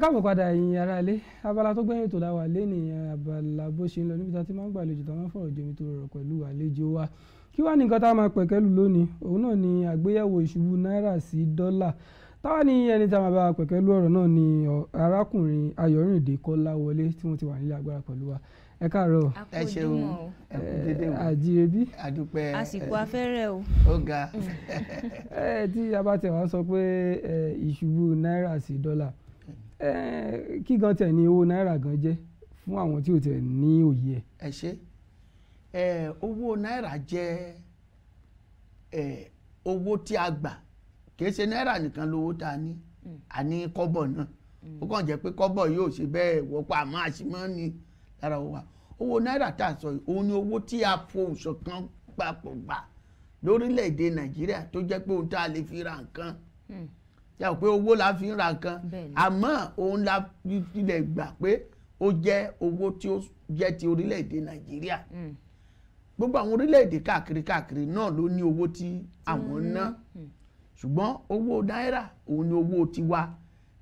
káàbọ̀ padà ẹ̀yin ará ilé abala tó gbẹ̀yìn tó la wà lé nìyẹn abala bó ṣe ń lọ níbi tá a ti máa ń gbàlejò tá a máa ń fọ̀rọ̀ jomi tó rọrọ̀ pẹ̀lú àlejò wa kí wàá ní nǹkan tá a máa pẹ̀kẹ́lù lónìí òun náà ni àgbéyẹ̀wò ìṣubú náírà sí dọ́là táwa ní ẹni tá a máa bá a pẹ̀kẹ́lù ọ̀rọ̀ náà ni arákùnrin Ayọ̀rìndé Kọ́láwọlé tí wọ́n ti wà nílé agbára pẹ̀lú wa ẹ káàárọ̀ ẹ ṣeun ẹ àjíire bí àdúpẹ́ àsìkò afẹ́rẹ́ o ó ga mm. ẹ tí a bá sọ pé ìṣubú náírà sí dọ́là kí gan tẹ̀ ní owó náírà gan jẹ́ fún àwọn tí ò tẹ̀ ní òye ẹ̀. ẹ ṣe owó náírà jẹ́ owó tí a gbà kìí ṣe náírà nìkan lówó tá a ní a ní kọ́bọ̀ náà ó kàn jẹ́ pé kọ́bọ̀ yóò ṣe bẹ́ẹ̀ wọ́pọ̀ àmọ́ àṣìmọ́ ni lára owó wa owó náírà tá a sọ yìí òun ni owó tí a fohùn ṣọ̀kan papọ̀ gbà lórílẹ̀‐èdè nàìjíríà tó jẹ́ pé ohun tá a lè fi ra nǹkan. Mm tí a pé owó la fi ń ra nǹkan àmọ́ òun la tilẹ̀ gbà pé ó jẹ́ owó tí ó jẹ́ ti orílẹ̀-èdè nàìjíríà hmm. gbogbo àwọn orílẹ̀-èdè káàkiri káàkiri náà ló ní owó tí àwọn ń ná hmm. ṣùgbọ́n owó náírà òun ni owó tiwa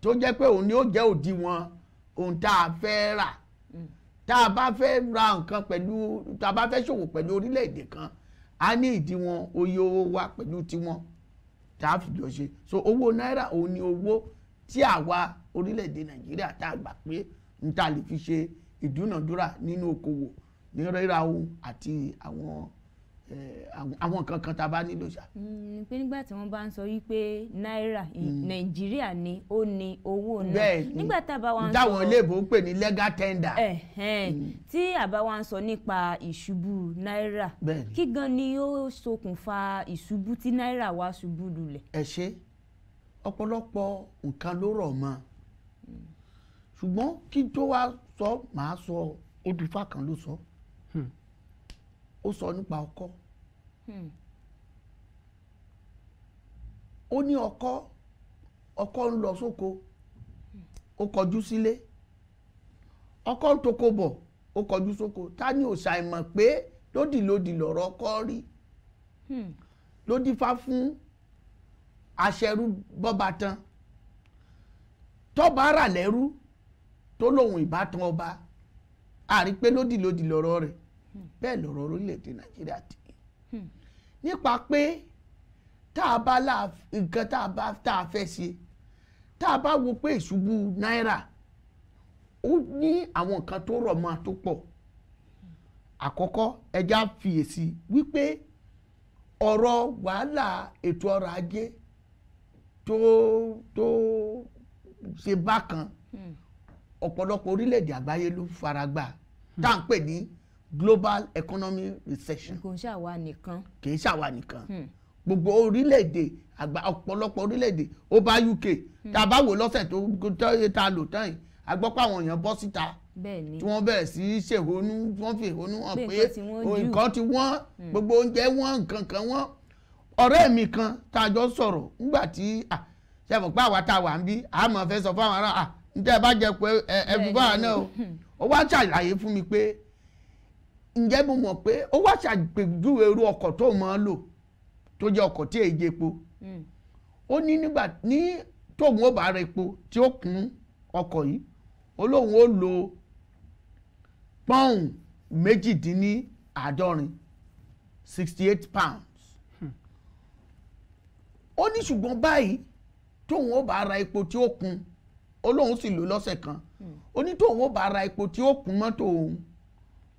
tó jẹ́ pé òun ni ó jẹ́ òdiwọ̀n ohun tá a fẹ́ rà hmm. tá a bá fẹ́ ra nǹkan pẹ̀lú tá a bá fẹ́ ṣòwò pẹ̀lú orílẹ̀-èdè kan a ní ìdíwọ̀n oye owó wa pẹ̀lú tiwọn tá a fi jọ ṣe so owó náírà òun ni owó tí àwa orílẹ̀-èdè nàìjíríà tá a gbà pé n ta lè fi ṣe ìdúnàdúrà nínú okòwò ní rírà ohun àti àwọn àwọn nǹkan kan tá a bá nílò ṣá. Hmm, pé nígbà tí wọ́n bá ń sọ wípé náírà hmm. nàìjíríà ni ó ní owó náà nígbà tá a bá wá ń sọ dáwọn iléèbó ń pè ní legal tender. Hmm. tí a bá wá ń sọ nípa ìṣubú náírà kí gan ni ó ṣokùnfà ìṣubú tí náírà wá ṣubú lulẹ̀. ẹ ṣe ọ̀pọ̀lọpọ̀ nǹkan ló rọ̀ mọ́ ṣùgbọ́n kí tó wá sọ màá sọ odùfà kan ló sọ. So, ó sọ nípa ọkọ hmm. ó ní ọkọ ọkọ ń lọ sóko hmm. ó kọjú sílé ọkọ ń toko bọ̀ ó kọjú sóko ta ni ò ṣàìmọ̀ pé lódì lódì lọ̀rọ̀ ọkọ rí hmm. ló fún aṣẹrú bọ́ba tán tọ́ba rà lẹ́rú tó lòun ìbátan ọba àrí pé lódì lódì lọ̀rọ̀ bẹ́ẹ̀ lọ̀rọ̀ orílẹ̀-èdè nàìjíríà ti hmm. nípa pé tá a bá la nǹkan tá a bá tá a fẹ́ ṣe tá a bá wo pé ìṣubú náírà ó ní àwọn nǹkan tó rọ̀ mọ́ tó pọ̀ àkọ́kọ́ ẹja fiyèsí wípé ọ̀rọ̀ wàhálà ètò ọrọ̀ ajé tó tó ṣe bákan hmm. ọ̀pọ̀lọpọ̀ orílẹ̀-èdè àgbáyé ló faragbá hmm. tá à ń pè ní global economy recession. kò ń ṣàwa nìkan. kì í ṣàwa nìkan. Hmm. gbogbo orílẹ̀-èdè àgbà ọ̀pọ̀lọpọ̀ orílẹ̀-èdè ó bá UK hmm. tá a bá wò lọ́sẹ̀ tó ta lò tán yìí a gbọ́ pé àwọn èèyàn bọ́ síta tí wọ́n bẹ̀rẹ̀ sí í ṣèhónú wọ́n fi hàn pé nǹkan ti wọ́n hmm. gbogbo oúnjẹ wọ́n nǹkan kan wọ́n ọ̀rẹ́ mi kan tá a jọ sọ̀rọ̀ nígbà tí ṣe mọ̀ pé àwa tá a wà ń bí a máa fẹ́ sọ fáwọn ará ǹjẹ́ ẹ bá jẹ pé ẹ fi báwa náà o wá ṣàlàyé fún mi pé ǹjẹ́ mo mọ̀ pé ó wá ṣàpèjúwe irú ọkọ̀ tó mọ̀ ọ́ lò tó jẹ́ ọkọ̀ tí èyí jẹ́ epo hmm. ó ní nígbà ní tóun ó bá ra epo tí ó kún ọkọ̀ yìí ó lóun ó lo pọ́ùn méjìdínláàádọ́rin sixty eight pounds hmm. ó ní ṣùgbọ́n báyìí tóun ó bá ra epo tí ó kún ó lóun sì lò lọ́sẹ̀ kan hmm. ó ní tóun ó bá ra epo tí ó kún mọ́tò òun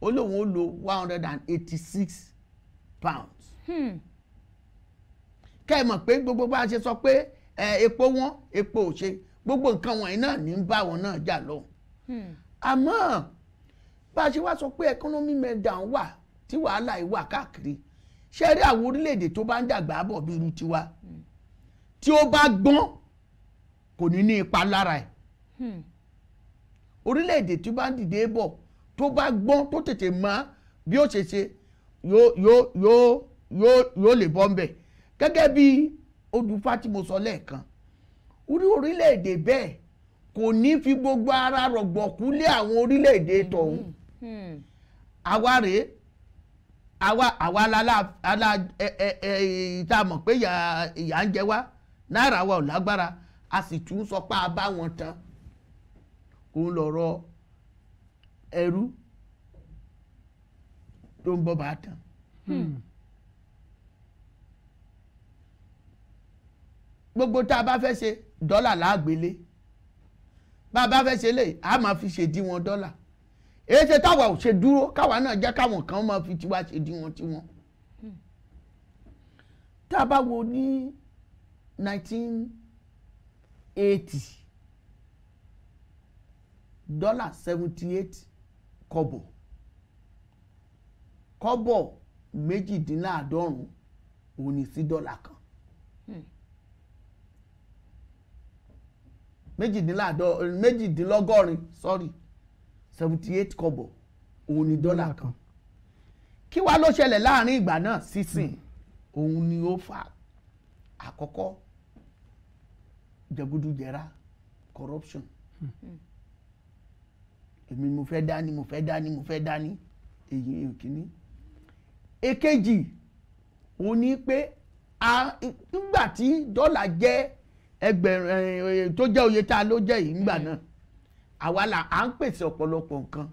ó lóun ó lo one hundred and eighty six pounds. Hmm. kẹ́ ẹ mọ̀ pé gbogbo bá a ṣe sọ pé epo wọn epo ò ṣe gbogbo nǹkan wọ̀nyí náà ní ń bá wọn náà jà lóhùn. Hmm. àmọ́ bá a ṣe wá sọ pé economy meltdown wà tí wàhálà yìí wà káàkiri ṣé rí àwọn orílẹ̀-èdè tó bá ń dàgbà bọ̀ bí irú tiwa hmm. tí ó bá gbọ́n kò ní ní ipa lára ẹ̀ orílẹ̀-èdè tó bá ń dìde bọ̀ tó bá gbọ́n tó tètè mọ bí ó ṣe ṣe yóò yóò yóò yóò yóò lè bọ́ ńbẹ̀ gẹ́gẹ́ bí olùfà tí mo sọ lẹ́ẹ̀kan orí orílẹ̀-èdè bẹ́ẹ̀ kò ní fi gbogbo ara rọ̀gbọ̀kú àwọn orílẹ̀-èdè tọ̀hún hmm. àwa rèé àwa àwa alá ẹ ẹ ẹ tá a mọ̀ pé ìyà ń jẹ wá náírà wa ò lágbára a sì tún sọ pé a bá wọn tan kò ń lọ rọ ẹrú tó ń bọ́ bá tán. Hmm. gbogbo tá a bá fẹ́ ṣe dọ́là láàgbélé bá a bá fẹ́ ṣe léyìí a máa fi ṣèdíwọ̀n dọ́là èyí ṣe táwa ò ṣe dúró káwa náà jẹ́ káwọn kan máa fi tiwa ṣèdíwọ̀n tiwọn. Hmm. tá a bá wo ní nineteen eighty dollar seventy eight kọ́bọ̀ kọ́bọ̀ méjìdínláàádọ́rùn òun ni sí dọ́là kan hmm. méjìdínlọ́gọ́rin sorry seventy eight kọ́bọ̀ òun ni dọ́là kan kí wàá ló ṣẹlẹ̀ láàrin ìgbà náà sísìn òun ni ó fà àkọ́kọ́ jẹgúdújẹrá corruption. Hmm. Hmm èmi mo fẹ́ dání mo fẹ́ dání mo fẹ́ dání èyí èyí kìíní. èkejì òun ni pé nígbà tí dọ́là jẹ́ ẹgbẹ̀rún eh, tó jẹ́ oye tá a ló jẹ́ yìí nígbà náà àwa là à ń pèsè ọ̀pọ̀lọpọ̀ nǹkan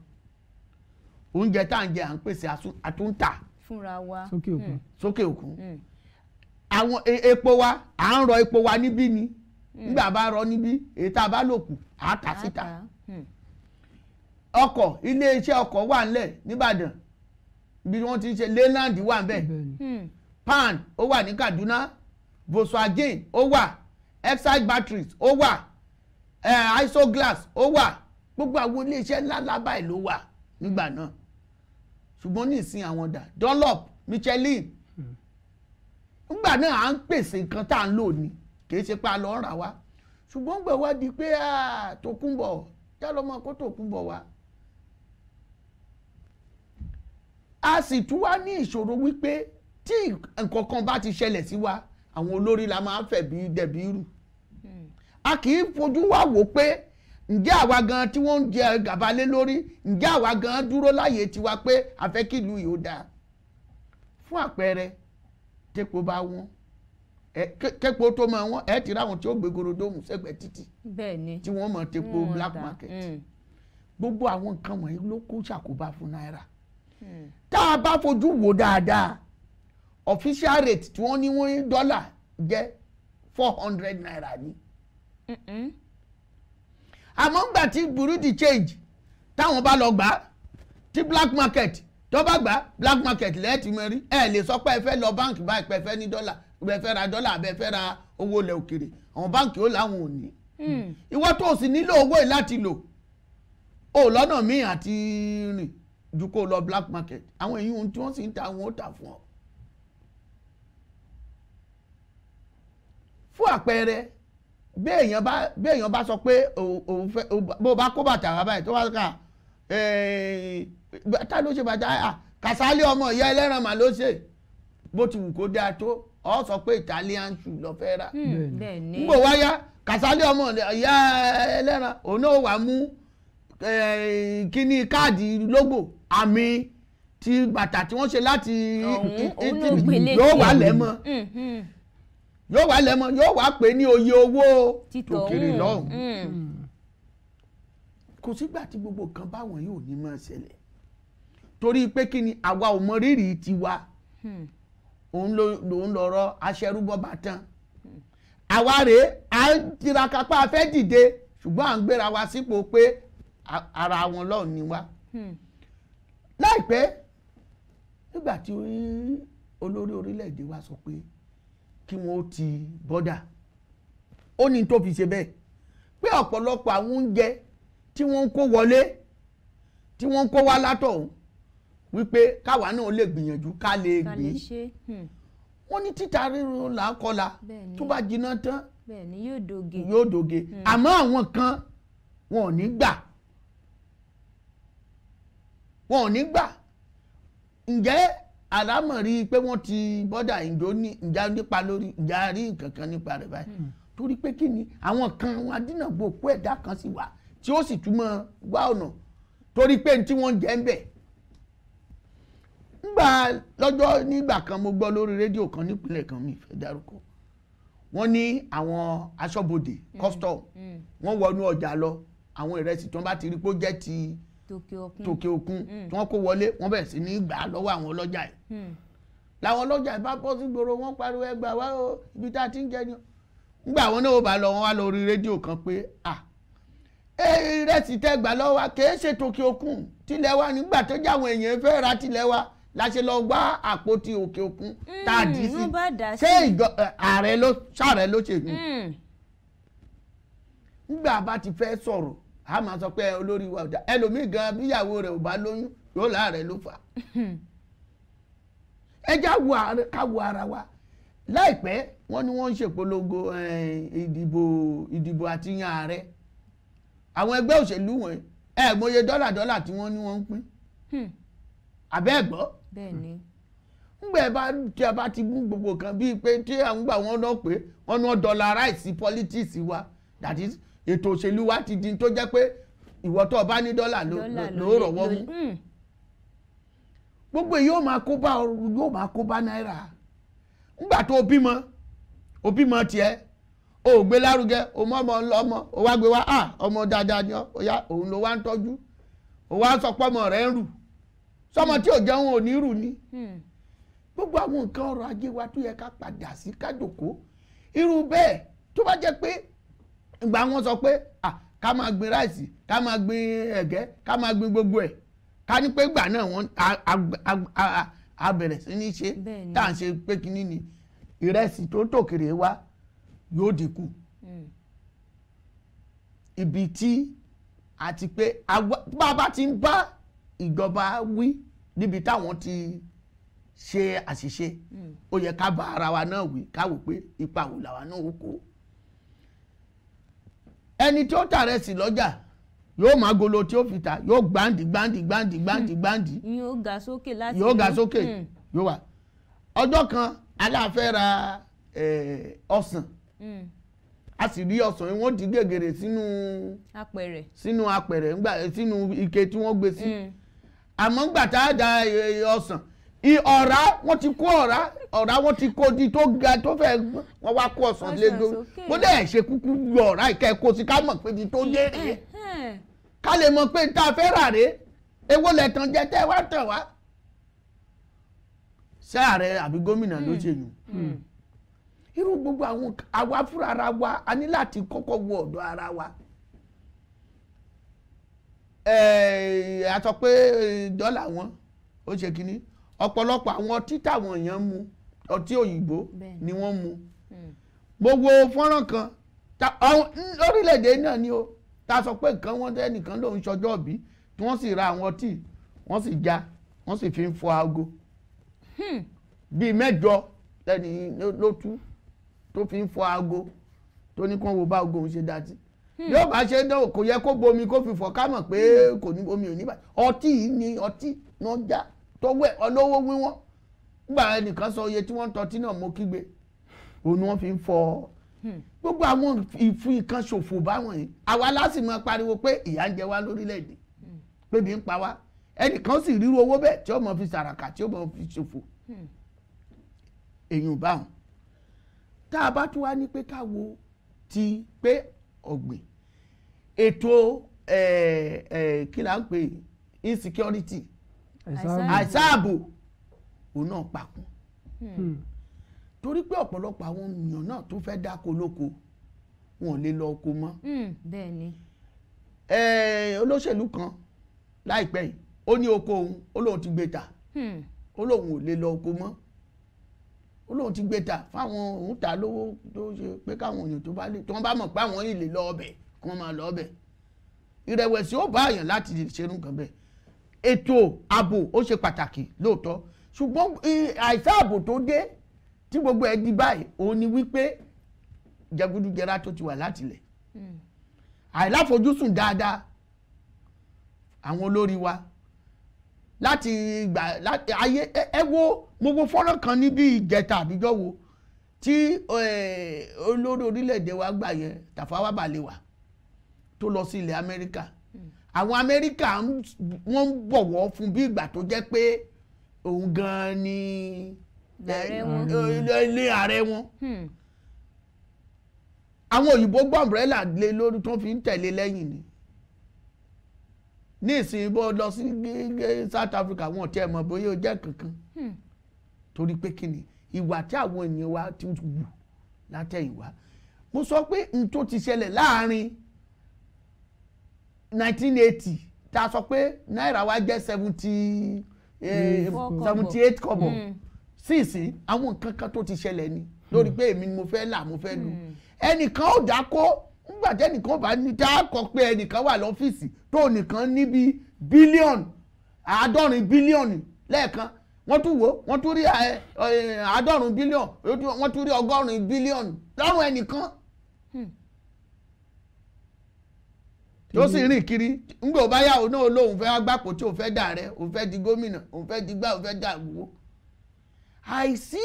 oúnjẹ tá à ń jẹ à ń pèsè àtúntà fúnra wa sókè òkun hmm. sókè òkun hmm. àwọn e, epo wa à ń rọ epo wa níbí ni hmm. nígbà bá rọ níbí èyí tá a bá lò kù à á tà síta ọkọ̀ iléeṣẹ́ ọkọ̀ wà ńlẹ̀ nìbàdàn ibi wọ́n ti ń ṣe leyland wà ńbẹ̀ hmm. pan ó wà ní kaduna volkswagen ó wà exide batteries ó wà eh, isoglass ó wà gbogbo àwọn iléeṣẹ́ ńláńlá báyìí ló wà nígbà náà ṣùgbọ́n ní ìsìn àwọn dà dunlop michelin hmm. nígbà náà à ń pèsè nǹkan tá à ń lò ní kì í ṣe pé a lọ rà wá ṣùgbọ́n gbẹ̀ di pé ah, Tòkunbọ̀ yálọ́mọ kó Tòkunbọ̀ wá a sì tún wá ní ìṣòro wípé tí nǹkan kan bá ti ṣẹlẹ̀ sí wa àwọn olórí la máa ń fẹ̀bi dẹ̀bi rù a kì í fojú wa wò pé ǹjẹ́ àwa gan tí wọ́n ń jẹ gàba lé lórí ǹjẹ́ àwa gan dúró láàyè tiwa pé a fẹ́ kí ìlú yìí ó dáa fún àpẹẹrẹ tẹ́po bá wọ́n kẹ́po tó máa wọ́n ẹ̀ ti ráwọn tí ó gbé gorodóhùn sẹ́gbẹ̀ẹ́ títì tí wọ́n mọ̀ tẹ́po black market hmm. gbogbo àwọn nǹkan wọ̀nyí ló kó ṣàkóbá fún náírà hmm tá a bá fojú wò dáadáa official rate tí wọ́n ní wọ́n ní dọ́là jẹ́ four hundred naira ni. àmọ́ ńgbà tí bureau change táwọn bá lọ gbà á tí black market tó bá gbà black market lẹ́ẹ̀tì mẹ́rin ẹ̀ lè sọ pé ẹ fẹ́ lọ báǹkì báyìí pé ẹ fẹ́ ní dọ́là pé ẹ fẹ́ ra dọ́là àbẹ́ ẹ fẹ́ ra owó ilẹ̀ òkèrè àwọn báǹkì ó láwọn ò ní. Mm. ìwọ tó o sì nílò owó yìí láti lò ó lọ́nà míì àti rìn ju kó lọ black market àwọn èyí ohun tí wọ́n sì ń ta àwọn ó tà fún ọ. fún àpẹẹrẹ bí èèyàn bá bí èèyàn bá sọ pé òun fẹ́ bó bá kó bàtà wá báyìí tó wá kà tá ló ṣe bàtà ah, kàsálí ọmọ ìyá ẹlẹ́ran mà ló ṣe bó ti wù kó dáa tó ọ sọ pé Italian shoe lọ fẹ́ rà hmm, nígbò wáyá kàsálí ọmọ ìyá ẹlẹ́ran òun náà wà mú kíní káàdì lógbò àmì ti bàtà tí wọ́n ṣe láti yóò wà lẹ́mọ́ mm-hmm. yóò wà lẹ́mọ́ yóò wà pé ní oye owó tòkèrè lọ́hùn mm. kò sígbà tí gbogbo kan báwọn yóò ní máa ṣẹlẹ̀ torí pé kí ni àwa ò mọ rírì tiwa hmm. òun lòun lọ́rọ̀ aṣẹ́rúbọ́bà tán àwa rèé à ń tiraka pa afẹ́ dìde ṣùgbọ́n à ń gbéra wa sípò pé ara wọn lọ́ọ̀ wa. Hmm láìpẹ́ nígbà tí olórí orílẹ̀-èdè wa sọ pé kí wọ́n ti bọ́dà ó ní tó fi ṣe bẹ́ẹ̀ pé ọ̀pọ̀lọpọ̀ àwọn oúnjẹ tí wọ́n ń kó wọlé tí wọ́n ń kó wá látọ̀hún wípé káwa náà lè gbìyànjú ká lè gbé hmm. wọ́n ní títa ríro là ń kọlà tó bá jiná tán yóò doge hmm. àmọ́ àwọn kan wọn ò ní gbà wọn ò ní gbà ǹjẹ́ àlámọ̀rí pé wọ́n ti bọ́dà ìjọ ní ìjà nípa lórí ìjà rí kankan nípa rẹ̀ báyìí hmm. torí pé kí ni àwọn kan àwọn adínàgbò kó ẹ̀dá kan sì wà tí ó sì túmọ̀ wá ọ̀nà torí pé tí wọ́n jẹ́ ń bẹ̀ ngbà lọ́jọ́ nígbà kan mo gbọ́ lórí rédíò kan nípínlẹ̀ kan mi fẹ́ dárúkọ wọ́n ní àwọn aṣọ́bodè hmm. custom hmm. wọ́n wọnú ọjà lọ àwọn ìrẹsì tí wọ́n bá ti rí pé ó jẹ́ ti tòkè òkun hmm. tí wọ́n kó wọlé wọ́n bẹ̀rẹ̀ sí ní gbà á lọ́wọ́ àwọn ọlọ́jà yìí hmm. làwọn ọlọ́jà yìí bá bọ́ sí gbòòrò wọ́n pariwo ẹgbà wá o ibi tá a ti ń jẹ ni ngbà wọn náà ó bá lọ wọn wá lórí rédíò kan pé ah ìrẹsì tẹ gbà lọ́wọ́ kìí ṣe tòkè òkun tilẹ̀ wa nígbà tó jẹ́ àwọn èèyàn fẹ́ ra tilẹ̀ wa la ṣe lọ gbá àpótí òkè òkun hmm, tá a dì sí ṣé ààrẹ ló ṣàrẹ ló ṣègùn ngbà bá ti fẹ́ sọ̀rọ̀ a máa sọ pé olórí wa ọ̀dà ẹlòmíì gan bíyàwó rẹ̀ ò bá lóyún yóò láàrẹ̀ ló fà á. ẹ ká wo ara wa láìpẹ́ wọ́n ní wọ́n ń ṣèpolongo eh, ìdìbò ìdìbò àti yan ààrẹ àwọn ẹgbẹ́ òṣèlú wọn ẹ mọye dọ́là dọ́là tí wọ́n ní wọ́n ń pín àbẹ́ hmm. ẹ̀ gbọ́. bẹ́ẹ̀ni. ńgbẹ́ hmm. bá tí a bá ti mú gbogbo kan bíi pé tí àwọn gbà wọ́n lọ pé wọ́n ní wọ́n dọ́là ráìsì politics wa that is ètò òṣèlú wa ti di tó jẹ́ pé ìwọ tó bá ní dọ́là ló mú hmm. gbogbo èyí yóò máa kó bá yóò máa kó bá náírà ńgbà tó bímọ o bímọ o ò gbé lárugẹ o mọ ọmọ o wá gbé wá ọmọ dáadáa ni ọ ya òun ló wá ń o wá sọ sọmọ tí ò jẹun ò ni hmm. gbogbo àwọn nǹkan ọrọ̀ ajé wa tó yẹ ká padà sí irú ìgbà wọn sọ pé ká máa gbin ráìsì ká máa gbin ẹ̀gẹ́ ká máa gbin gbogbo ẹ̀ ká ní pé ìgbà náà wọ́n a bẹ̀rẹ̀ sí ní ṣe tá à ń ṣe pé kínní ni ìrẹsì tó tòkèrè wá yóò dínkù hmm. ibi tí àti pé bàbá ti ń bá ìjọba wí níbi táwọn ti ṣe àṣìṣe hmm. ó yẹ ká bá ara wa náà wí ká wò pé ipa wo làwa náà ó kó. ẹni tí ó tà rẹ̀ sí lọ́jà yóò máa golo tí ó fi ta yóò gbandi gbandi gbáǹdì gbáǹdì hmm. gbáǹdì. yóò ga sókè láti yóò ga sókè hmm. yóò wà ọjọ́ kan aláàfẹ́ ra ọsàn hmm. a sì rí osan yìí wọ́n di gègèrè sínú apẹ̀rẹ̀ sínú apẹ̀rẹ̀ sínú ike tí wọ́n gbé sí àmọ́ ńgbà tá a da E, e, ọ̀rá wọ́n ti kó ọ̀rá ọ̀rá wọ́n ti kó di tó ga tó fẹ́ wọ́n wá kó ọ̀sán lédo bó dẹ̀ ṣe kúkú lu ọ̀rá ìkẹ́ kó sí ká mọ̀ pé di tó dé rèé ká lè mọ̀ pé tá a fẹ́ rà rèé èwo lẹ̀ jẹ tẹ́ wá tàn wá. ṣé ààrẹ àbí gómìnà ló hmm. ṣe yùn hmm. hmm. irú gbogbo àwọn àwa fúnra ara wa a ní láti kọ́kọ́ wo ọ̀dọ̀ ara wa a sọ eh, dọ́là wọn ó ṣe kínní ọ̀pọ̀lọpọ̀ àwọn ọtí táwọn èèyàn mu ọtí òyìnbó ni wọ́n mu mo hmm. wo fọ́nrán kan orílẹ̀-èdè náà ni o ta sọ pé nǹkan wọn tẹ́nìkan lòún ṣọjọ́ òbí tí wọ́n sì ra àwọn ọtí wọ́n sì já wọ́n sì fi ń fọ aago hmm. bíi mẹ́jọ lẹ́ni ló tú tó fi ń fọ aago tó ní kán wo bá aago òun ṣe dátì yóò hmm. bá ṣe dán kò yẹ kó bomi kó fi fọ ká mọ̀ pé kò ní omi ò ní báyìí ọtí yìí ni ọtí náà já tọ́wọ́ ẹ̀ ọlọ́wọ́ wí wọ́n gbà ẹnìkan sọ iye tí wọ́n ń tọ́tí náà mo kígbe òun ni wọ́n fi ń fọ hmm. gbogbo àwọn ìfún nǹkan ṣòfò báwọn yìí àwa láti máa pariwo pé ìyà ń jẹ wá lórílẹ̀‐èdè hmm. pé bí ń pa wá ẹnìkan sì ríru owó bẹ́ẹ̀ tí ó mọ̀ fi sàràkà tí ó mọ̀ fi ṣòfò hmm. èyàn báwọn tá a bá tún wá ní pé ká wo ti pé ọ̀gbìn ètò eh, eh, kí là ń pè insecurity àìsáàbò òun náà pakùn hmm. hmm. torí pé ọ̀pọ̀lọpọ̀ àwọn èèyàn náà tó fẹ́ dáko lóko wọn ò lè lọ oko mọ́ hmm, olóṣèlú kan láìpẹ́ yìí ó ní oko òun ó lóun ti gbé ta ó lóun ò lè lọ oko mọ́ ó lóun ti gbé ta fáwọn òun ta lówó tó ṣe pé káwọn èèyàn tó bá lè tí wọ́n bá mọ̀ pé àwọn yìí lè lọ ọbẹ̀ kí wọ́n máa lọ ọbẹ̀ ìrẹ̀wẹ̀sì ó bá àyàn láti ṣerú nǹkan bẹ́ẹ̀ ètò ààbò ó ṣe pàtàkì lóòótọ́ ṣùgbọ́n àìsàn ààbò tó dé tí gbogbo ẹ di báyìí òun ni wípé jẹgúdújẹrá tó ti wà látìlẹ̀ hmm. àìláfojúsùn dáadáa àwọn olórí wa láti ìgbà láti ayé ẹ wo mo wo fọ́nrán kan níbi ìjẹta àbíjọ́ wo tí olórí orílẹ̀-èdè wa gbà yẹn Tafawa Balewa tó lọ sí ilẹ̀ Amẹ́ríkà àwọn amẹ́ríkà wọ́n ń bọ̀wọ̀ fún bí ìgbà tó jẹ́ pé òun gan-an ni eh, eh, hmm. eh, ilé ààrẹ wọn hmm. àwọn òyìnbó gbọ́ umbrella lé lórí tó fi ń tẹ̀lé lẹ́yìn ni ní ìsìn bó lọ sí South Africa wọn tiẹ̀ mọ̀ bóyá ó jẹ́ kankan hmm. torí pé kí ni ìwà tí àwọn ènìyàn wa ti wù látẹ̀yìnwá mo sọ pé n tó ti ṣẹlẹ̀ láàrin nineteen eighty tá a sọ pé náírà wa jẹ́ seventy eh, seventy eight kọ́bọ̀ hmm. sísìn àwọn nǹkan kan tó ti ṣẹlẹ̀ ni lórí hmm. pé èmi ni mo fẹ́ là mo fẹ́ lu hmm. ẹnìkan ò dáko nígbà tí ẹnìkan bá ní tá a kọ pé ẹnìkan wà lọ́fíìsì tó nìkan níbi bílíọ̀nù àádọ́rin bílíọ̀nù lẹ́ẹ̀kan wọ́n tún wò wọ́n tún rí eh, eh, àádọ́rùn-ún bílíọ̀nù wọ́n tún rí ọgọ́rùn-ún bílíọ̀nù lọ́rùn ẹnìkan tó sì mm-hmm. rìn kiri ńgbò báyà òun náà lóun fẹ́ agbápò tí òun fẹ́ dà rẹ òun fẹ́ di gómìnà òun fẹ́ di gbá òun fẹ́ dà wò àìsí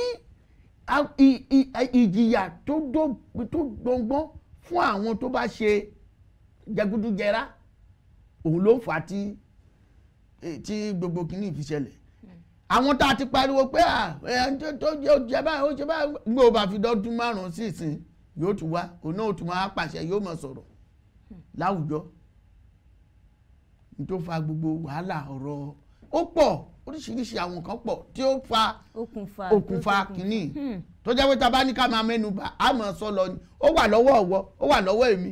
ìjìyà tó gbọngbọ́n fún àwọn tó bá ṣe jẹgúdújẹrá òun ló fà á tí gbogbo kìíní fi ṣẹlẹ̀ mm-hmm. àwọn tá a ti pariwo pé ẹ tó jẹ báyìí ó ṣe báyìí gbogbo bá fi dọ́dún márùn-ún sí ìsìn yóò tún wá òun náà tún máa pàṣẹ yóò máa sọ̀rọ̀ hmm. láwùjọ tó fa gbogbo wàhálà ọ̀rọ̀ ó pọ̀ oríṣiríṣi àwọn nǹkan pọ̀ tí ó fa okùnfà kínní hmm. tó jẹ́ pé tá a bá ní ká máa mẹ́nu á mọ̀ sọ lọ ni ó wà lọ́wọ́ ọ̀wọ́ ó wà lọ́wọ́ èmi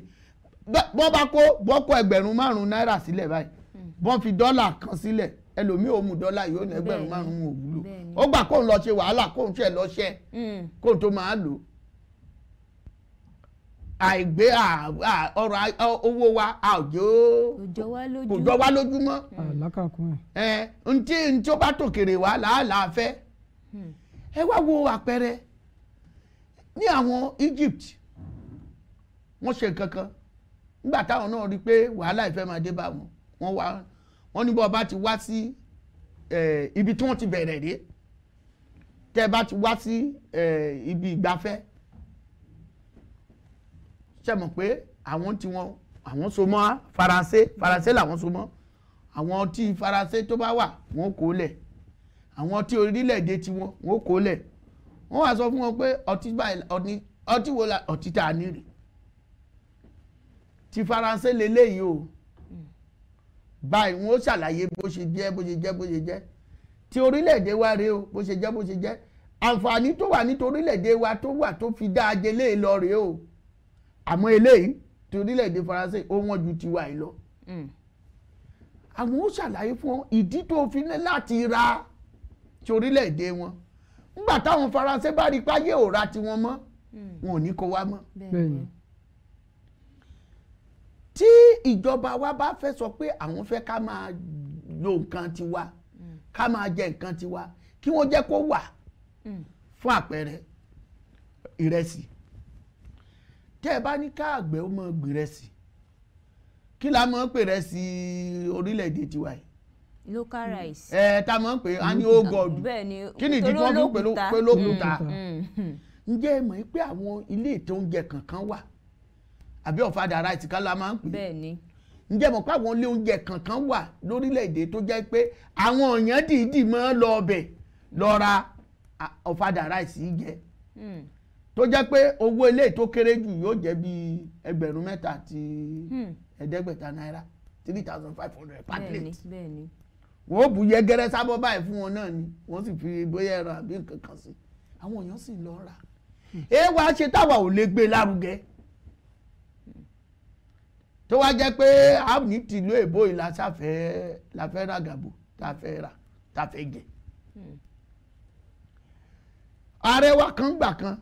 bọ́n bá kó bọ́n kó ẹgbẹ̀rún márùn-ún náírà sílẹ̀ báyìí bọ́n hmm. fi dọ́là kan sílẹ̀ ẹlòmíì ò mú dọ́là yìí ó ní ẹgbẹ̀rún márùn-ún òwúlò ó gbà kóun lọ ṣe wàhálà kóun ṣe lọ ṣẹ́ hmm. kóun tó máa lò ó àìgbé ọ̀rọ̀ owó wa àjò kò jọ wá lójúmọ́ ntí ntí ó bá tòkèrè wá làálàá fẹ́ hmm. ẹ wá wo àpẹẹrẹ ní àwọn Egypt wọ́n ṣe kankan nígbà táwọn náà rí i pé wàhálà ìfẹ́ máa dé bá wọn wọ́n wá wọ́n ní bọ́ ọba ti wá sí ibi tí wọ́n ti bẹ̀rẹ̀ dé tẹ́ ẹ bá ti wá sí ibi ìgbafẹ́ ṣe mọ̀ pé àwọn tí wọ́n àwọn so mọ́ faransé faransé làwọn so mọ́ àwọn tí faransé tó bá wà wọ́n kó lẹ̀ àwọn tí orílẹ̀-èdè tí wọ́n wọ́n kó lẹ̀ wọ́n wá sọ fún wọn pé ọtí báyìí ọtí wo la ọtí tá a ní rè ti faransé leléyìí o báyìí wọ́n ṣàlàyé bó ṣe jẹ́ bó ṣe jẹ́ bó ṣe jẹ́ ti orílẹ̀-èdè wa rèé o bó ṣe jẹ́ bó ṣe jẹ́ àǹfààní tó wà nítorí orílẹ̀-èdè wa tó wà tó fi dáa jẹ léè e lọ rèé o àmọ́ eléyìí ti orílẹ̀-èdè faransé ó wọ́n ju tiwa yìí lọ. Hmm. àwọn ó ṣàlàyé fún ọ ìdí tó fi ní láti ra ti orílẹ̀-èdè wọn nígbà táwọn faransé bá rí páyé ò ra tiwọn mọ́ hmm. wọn ò ní kó wa mọ́. tí ìjọba wa bá fẹ́ sọ pé àwọn fẹ́ ká máa lo nǹkan tiwa hmm. ká máa jẹ nǹkan tiwa kí wọ́n jẹ́ kó wà fún àpẹẹrẹ ìrẹsì. Mm tẹ́ ẹ bá ní ká àgbẹ̀ ó mọ gbìn rẹsì kí la mọ̀ pé rẹsì orílẹ̀-èdè tiwa yìí. local rice. ẹ ta mọ̀ pé a ní old god kí ni ìdí tí wọ́n fi pé lókùúta mm, mm. ǹjẹ́ ẹ mọ̀ pé àwọn ilé ètò oúnjẹ kankan wà àbí ọ̀fadà rice kan la máa ń pè. bẹ́ẹ̀ni ǹjẹ́ mọ̀ pé àwọn ilé oúnjẹ kankan wà lórílẹ̀‐èdè tó jẹ́ pé àwọn èèyàn dìídì máa ń lọ ọbẹ̀ lọ ra ọ̀fadà ráìsì jẹ mm tó jẹ́ pé owó eléyìí tó kéré jù yóò jẹ́ bí ẹgbẹ̀rún mẹ́ta àti hmm. ẹ̀ẹ́dẹ́gbẹ̀ta náírà three thousand five hundred per plate wọ́n bù yẹgẹrẹ sábọ́ báyìí fún wọn náà ni wọ́n sì fi bóyá ẹran àbí nǹkan kan sí àwọn èèyàn sì lọ rà ẹ wá ṣe táwa ò lè gbé lárugẹ tó wá jẹ́ pé àmì tìlú èbó yìí la sáfẹ́ la fẹ́ rà tá jẹ hmm. ààrẹ wa kan gbà kan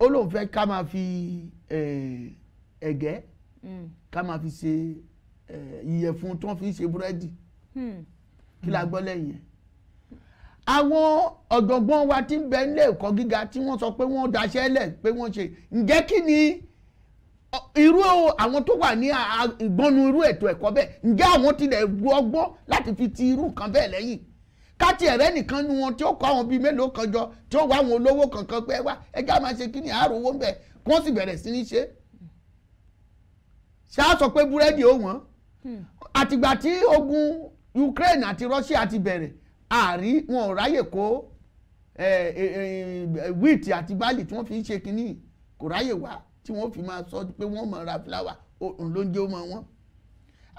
ó lóun fẹ́ ká máa fi ẹ̀gẹ́ hmm. ká máa fi ṣe ìyẹ̀fun tó ń fi ṣe búrẹ́dì hmm. kí la gbọ́ lẹ́yìn ẹ̀ àwọn ọ̀jọ̀gbọ́n wa tí ń bẹ nílé ẹ̀kọ́ gíga tí wọ́n sọ pé wọ́n daṣẹ́ lẹ̀ pé wọ́n ṣe ǹjẹ́ kí ni irú àwọn tó wà ní ìgbọ́nu irú ètò ẹ̀kọ́ bẹ́ẹ̀ ǹjẹ́ àwọn tilẹ̀ gbọ́ ọgbọ́n láti fi ti irú kan bẹ́ẹ̀ lẹ́yìn káti ẹ̀rẹ́ nìkan nu wọn tí ó kọ́ àwọn bíi mélòó kan jọ tí ó wá àwọn olówó kankan pé wá ẹjẹ́ máa ṣe kí ni àárò owó ń bẹ̀ kí wọ́n sì bẹ̀rẹ̀ sí ní ṣe. ṣé sọ pé búrẹ́dì ó wọ́n àtìgbà tí ogun Ukraine àti Russia ti bẹ̀rẹ̀ àárí wọn ò ráyè kó wheat àti barley tí wọ́n fi ń ṣe kínní kò ráyè wá tí wọ́n fi máa sọ pé wọ́n máa ra flour òun ló ń jẹ́ ó máa wọ́n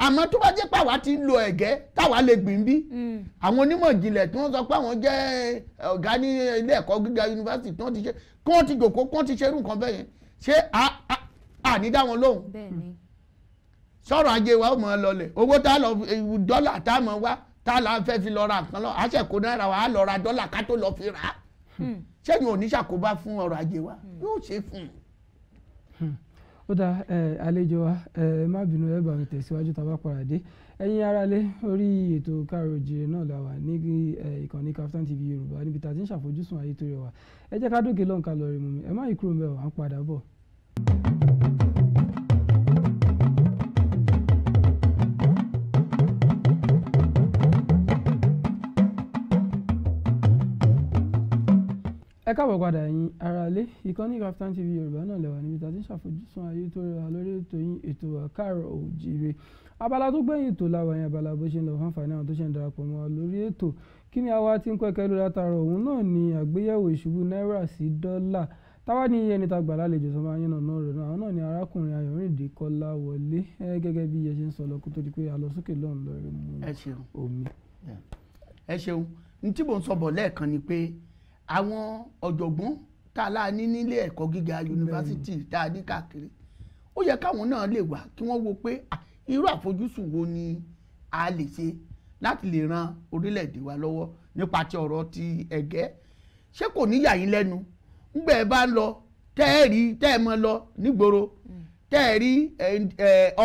àmọ́ tó bá jẹ́ pé àwa ti lo ẹ̀gẹ́ táwa lè gbìn bí hmm. àwọn onímọ̀ ìjìnlẹ̀ tí wọ́n sọ pé àwọn jẹ́ eh, ọ̀gá ní ilé ẹ̀kọ́ gíga yunifásitì tí wọ́n ti ṣe kí wọ́n ti gòkó kí wọ́n ti ṣerú nǹkan bẹ́ẹ̀ yẹn ṣé àní dá wọn lóhùn sọ̀rọ̀ ajé wa ó mọ̀ ọ́ lọlẹ̀ owó tá a lọ eh, dọ́là tá a mọ̀ wá tá a là fẹ́ fi lọ ra nǹkan lọ àṣẹkù náírà wa á lọ ra dọ́là ká tó lọ fi rà á hmm. ṣẹ́yìn ò ní ṣàkóbá fún ọrọ̀ wa hmm. yóò ṣe ó dá àlejò wa má bínú ẹ bá mi tẹ̀síwájú tá a bá padà dé ẹ̀yin aráalé orí ètò Káàárọ̀ Oòjíire náà la wà ní ìkànnì Kaftan TV Yorùbá níbi tá a ti ń ṣàfojúsùn ayé tó rẹwà ẹ jẹ́ ká dókè lọ́nkà lọ́ọ́ rí mú mi ẹ má yí kúrò mẹ́wàá ń padà bọ̀. ẹ káàbọ̀ padà yín ara ilé ìkànnì Kaftan TV yorùbá náà lẹ́wà níbi tàbí ṣàfojúsùn ayé tó rẹwà lórí ètò yín ètò àkàrọ̀ òjìire abala tó gbẹ̀yìn ètò làwọn yẹn abala bó ṣe ń lọ fún àǹfààní àwọn tó ṣe ń darapọ̀ mọ́ wa lórí ètò kí ni àwa ti ń pẹ́kẹ́ lórí àtàrọ̀ òun náà ni àgbéyẹ̀wò ìṣubú náírà sí dọ́là táwa ní iye níta gbà lálejò tó máa yín ọ̀nà rẹ̀ náà àwọn náà ni arákùnrin ayọ̀rìndé kọ́lá wọlé gẹ́gẹ́ bí iye ṣe ń sọ lọ kó tó di pé a lọ sókè lọ́run lọ́rẹ́ mu omi. ẹ ṣeun n tí ń sọ bọ̀ lẹ́ẹ̀kan ni pé àwọn ọ̀jọ̀gbọ́n tá a láà ní nílé ẹ̀kọ́ gíga yunifásitì tá a ní káàkiri ó yẹ káwọn náà lè wá kí wọ́n wo pé irú àfojúsùn wo ni a lè ṣe láti lè ran orílẹ̀-èdè wa lọ́wọ́ nípa ti ọ̀rọ̀ ti ẹ̀gẹ́ ṣé kò ní yà lẹ́nu ńgbẹ́ ẹ bá ń lọ tẹ́ ẹ rí tẹ́ ẹ mọ lọ nígboro hmm. tẹ́ ẹ rí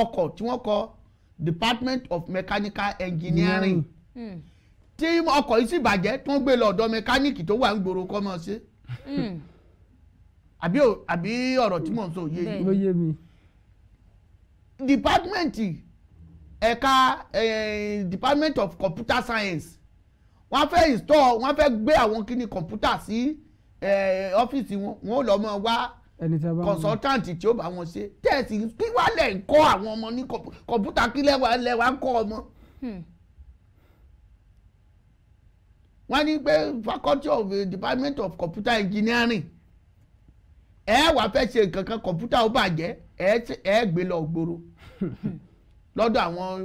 ọkọ̀ tí wọ́n kọ Department of Mechanical Engineering. Mm. Mm tí ọkọ̀ yìí sì bàjẹ́ tó ń gbé lọ ọ̀dọ̀ mẹkáníìkì tó wà ń gbòòrò kọ́ mọ́ ṣe. Hmm. àbí ọ̀rọ̀ tí mò ń sọ yé yìí. dìpátímẹ́ǹtì ẹ̀ka department of computer science wọ́n fẹ́ install wọ́n fẹ́ gbé àwọn kíni kọ̀ǹpútà sí ọ́fíìsì wọn wọn ò lọ mọ wá consultant tí ó bá wọn ṣe tẹ̀sí kí wàá lẹ̀ ń kọ́ àwọn ọmọ ní kọ̀ǹpútà kí lẹ́wàá ń kọ́ ọmọ. Hmm wọ́n ní pé faculty of uh, department of computer engineering ẹ wà fẹ́ ṣe nǹkan kan computer ó bàjẹ́ ẹ gbé lọ gbòòrò lọ́dọ̀ àwọn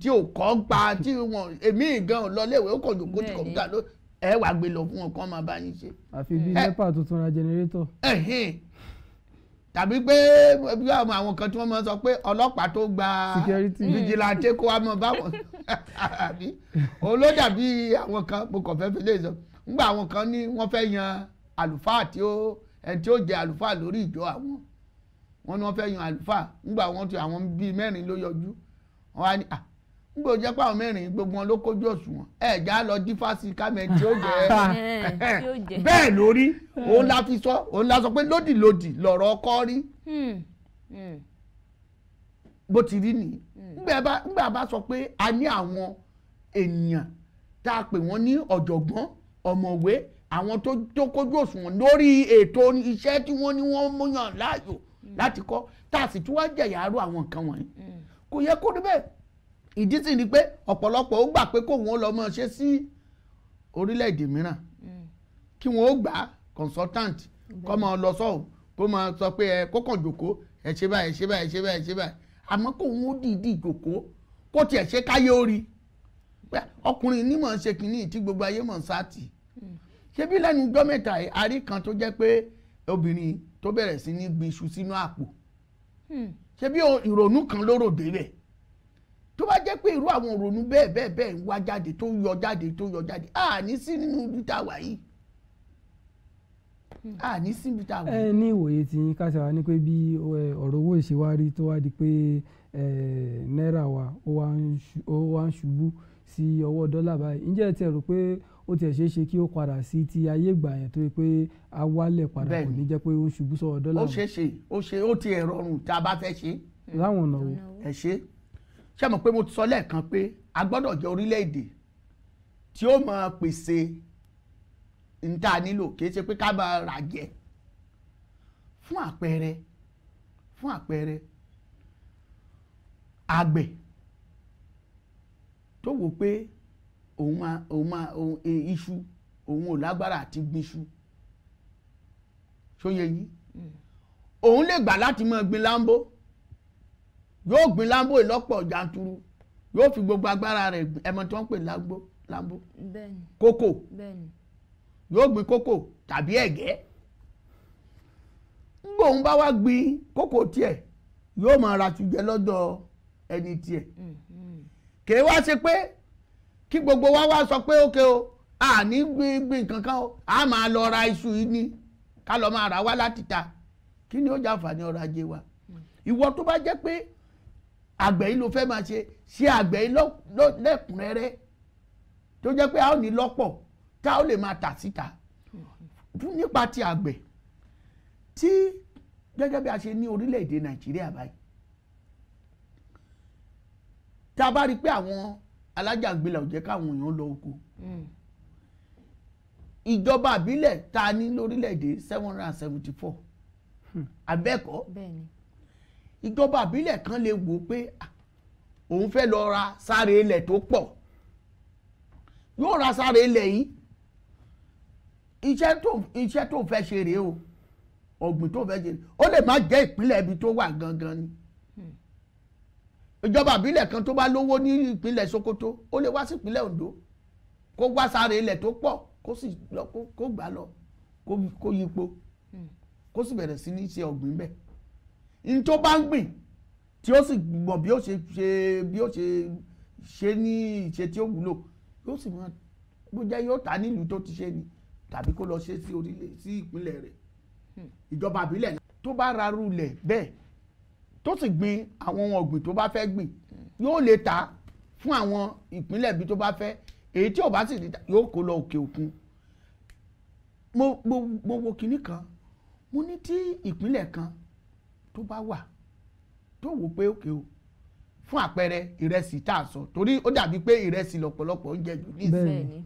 tí ò kọ́ ń pa tí wọn èmi gan lọ léèwé ó kàn jòkó ti computer ló ẹ wà gbé lọ fún wọn kán máa bá yín ṣe. àfi bí nepa tuntun ra generator tàbí pé bí àwọn kan tí wọ́n máa sọ pé ọlọ́pàá tó gba mm. vigilante kó wá mọ báwọn àbí olódàbí àwọn kan mo kàn fẹ́ fi lè sọ nígbà àwọn kan ní wọ́n fẹ́ yan àlùfáà tí ó ẹni tí ó jẹ àlùfáà lórí ìjọ àwọn wọn ni wọ́n fẹ́ yan àlùfáà nígbà wọn ti àwọn bíi mẹ́rin ló yọjú wọn á ní nígbà tó jẹ́ pé àwọn mẹ́rin gbogbo wọn ló kójú òṣùwọ̀n ẹ̀já lọ dífásí kámẹ́ tí ó jẹ́ bẹ́ẹ̀ lórí hmm. òun la fi sọ òun la sọ pé lódìlódì lọ̀rọ̀ ọkọ rí hmm. Hmm. bó ti rí nìyí nígbà bá sọ pé a ní àwọn ènìyàn tá a pè wọ́n ní ọ̀jọ̀gbọ́n ọ̀mọ̀wé àwọn tó kójú òṣùwọ̀n lórí ètò iṣẹ́ tí wọ́n ní wọ́n múyàn láàyò láti kọ́ tá a sì tún wá jẹ̀yà arú àwọn nǹkan wọ̀nyí kò yẹ kó rí bẹ́ẹ̀ ìdí sì ni pé ọ̀pọ̀lọpọ̀ ó gbà pé kóun ó lọ mọ̀ ṣe sí orílẹ̀-èdè mìíràn mm. kí wọ́n ó gbà consultant kọ́ máa lọ sọ́hùn kó máa sọ pé ẹ kó kàn jòkó ẹ ṣe báyìí ẹ ṣe báyìí ẹ ṣe báyìí ẹ ṣe báyìí àmọ́ kóun ó dìídì jòkó kó tiẹ̀ ṣe káyé ó rí ọkùnrin ní mọ̀ ń ṣe kínní tí gbogbo ayé mọ̀ ń sá tì mm. ṣebí lẹ́nu ọjọ́ mẹ́ta yìí a kan tó jẹ́ pé obìnrin tó bẹ̀rẹ̀ sí ní gbin iṣu sínú àpò hmm. ṣebí ìrònú kan ló rò dé tó bá jẹ́ pé irú àwọn òrònú bẹ́ẹ̀ bẹ́ẹ̀ bẹ́ẹ̀ ń wá jáde tó yọ jáde tó yọ jáde àní sí nínú ibi tá a wà yìí àní hmm. sí ibi tá a wà ẹ ní ìwòye tí káṣá wa ní pé bí ọ̀rọ̀ owó ìṣèwárí tó wá di pé náírà wa ó wá ń ṣubú sí ọwọ́ dọ́là báyìí ǹjẹ́ ẹ ti rò pé ó tiẹ̀ ṣeé ṣe kí ó padà sí ti ayé ìgbà yẹn tó yẹ pé a wálẹ̀ padà kò ní jẹ́ pé ó ń ṣubú sọ́wọ́ dọ́là. ó ṣeé ṣe ó ṣe ó ti ẹ̀ rọrùn tá a bá fẹ́ ṣe. láwọn ọ̀nà wo. ẹ ṣe ṣé mo pé mo sọ lẹ́ẹ̀kan pé a gbọ́dọ̀ jẹ́ orílẹ̀-èdè tí ó máa pèsè níta nílò kì í ṣe pé ká máa rà jẹ fún àpẹẹrẹ fún àpẹẹrẹ àgbẹ̀ tó wò pé òun máa òun máa òun iṣu òun ò lágbára àti gbinṣu ṣó yẹ yín hmm. òun lè gbà láti máa gbin láńbó. Mm yóò gbin láńbò ìlọ́pọ̀ jàǹtúrú yóò fi gbogbo agbára rẹ̀ ẹmọ tí wọ́n pè lágbó láńbò kókò yóò gbin kókò tàbí ẹ̀gẹ́ ngbòun bá wá gbin kókò tiẹ̀ yóò máa ra tìjẹ lọ́dọ̀ ẹni tiẹ̀ mm-hmm. kì í wá ṣe pé kí gbogbo wa wá sọ pé ókè o àní gbin gbin kankan o a máa lọ ra iṣu yìí ni ká lọ máa rà wá láti ta kí ni ó jàǹfààní ọrọ̀ ajé wa mm. ìwọ tó bá jẹ́ pé àgbẹ̀ yìí ló fẹ́ máa ṣe ṣe àgbẹ̀ yìí lẹ́kùnrẹ́rẹ́ tó jẹ́ pé a ó ní lọ́pọ̀ tá a ó lè máa tà síta nípa ti àgbẹ̀ tí gẹ́gẹ́ bí a ṣe ní orílẹ̀-èdè nàìjíríà báyìí tá a bá rí i pé àwọn alájàngbìlà ò jẹ́ káwọn èèyàn lọ oko hmm. ìjọba àbílẹ̀ ta ní lórílẹ̀-èdè seven hundred and seventy four abẹ́ẹ̀kọ́. Hmm ìjọba àbílẹ̀ kan lè wò ó pé òun fẹ́ lọ ra sáré ilẹ̀ tó pọ̀ yóò ra sáré ilẹ̀ yìí iṣẹ́ tó iṣẹ́ tó fẹ́ ṣe rèé o ọ̀gbìn tó fẹ́ ṣe rèé ó lè má jẹ́ ìpínlẹ̀ ibi tó wà gangan ni hmm. ìjọba àbílẹ̀ kan tó bá lówó ní ìpínlẹ̀ Sokoto ó lè wá sí ìpínlẹ̀ Ondo kó wá sáré ilẹ̀ tó pọ̀ kó sì lọ kó gbà lọ kó yípo hmm. kó sì bẹ̀rẹ̀ sí ní ṣe ọ̀gbìn bẹ́ẹ̀ n tó bá ń gbìn tí ó sì mọ̀ bí ó ṣe ṣe bí ó ṣe ṣe ní ìṣe tí ó wúlò yóò sì máa bó jẹ́ yóò ta nílùú tó ti ṣe ni tàbí kó lọ ṣe sí orílẹ̀ sí ìpínlẹ̀ rẹ̀ hmm. ìjọba àbílẹ̀ náà tó bá ra rulẹ̀ bẹ́ẹ̀ tó sì gbin àwọn ohun ọ̀gbìn tó bá fẹ́ gbìn hmm. yóò lè ta fún àwọn ìpínlẹ̀ bí tó bá fẹ́ èyí tí ò bá sì ta yóò kó lọ òkè òkun mo mo mo wo kinní kan mo ní tí ìpínlẹ̀ kan tó bá wà tó wò pé òkè o fún àpẹẹrẹ ìrẹsì tá a sọ torí ó dàbí pé ìrẹsì lọ́pọ̀lọpọ̀ ń jẹ jù nísìnyí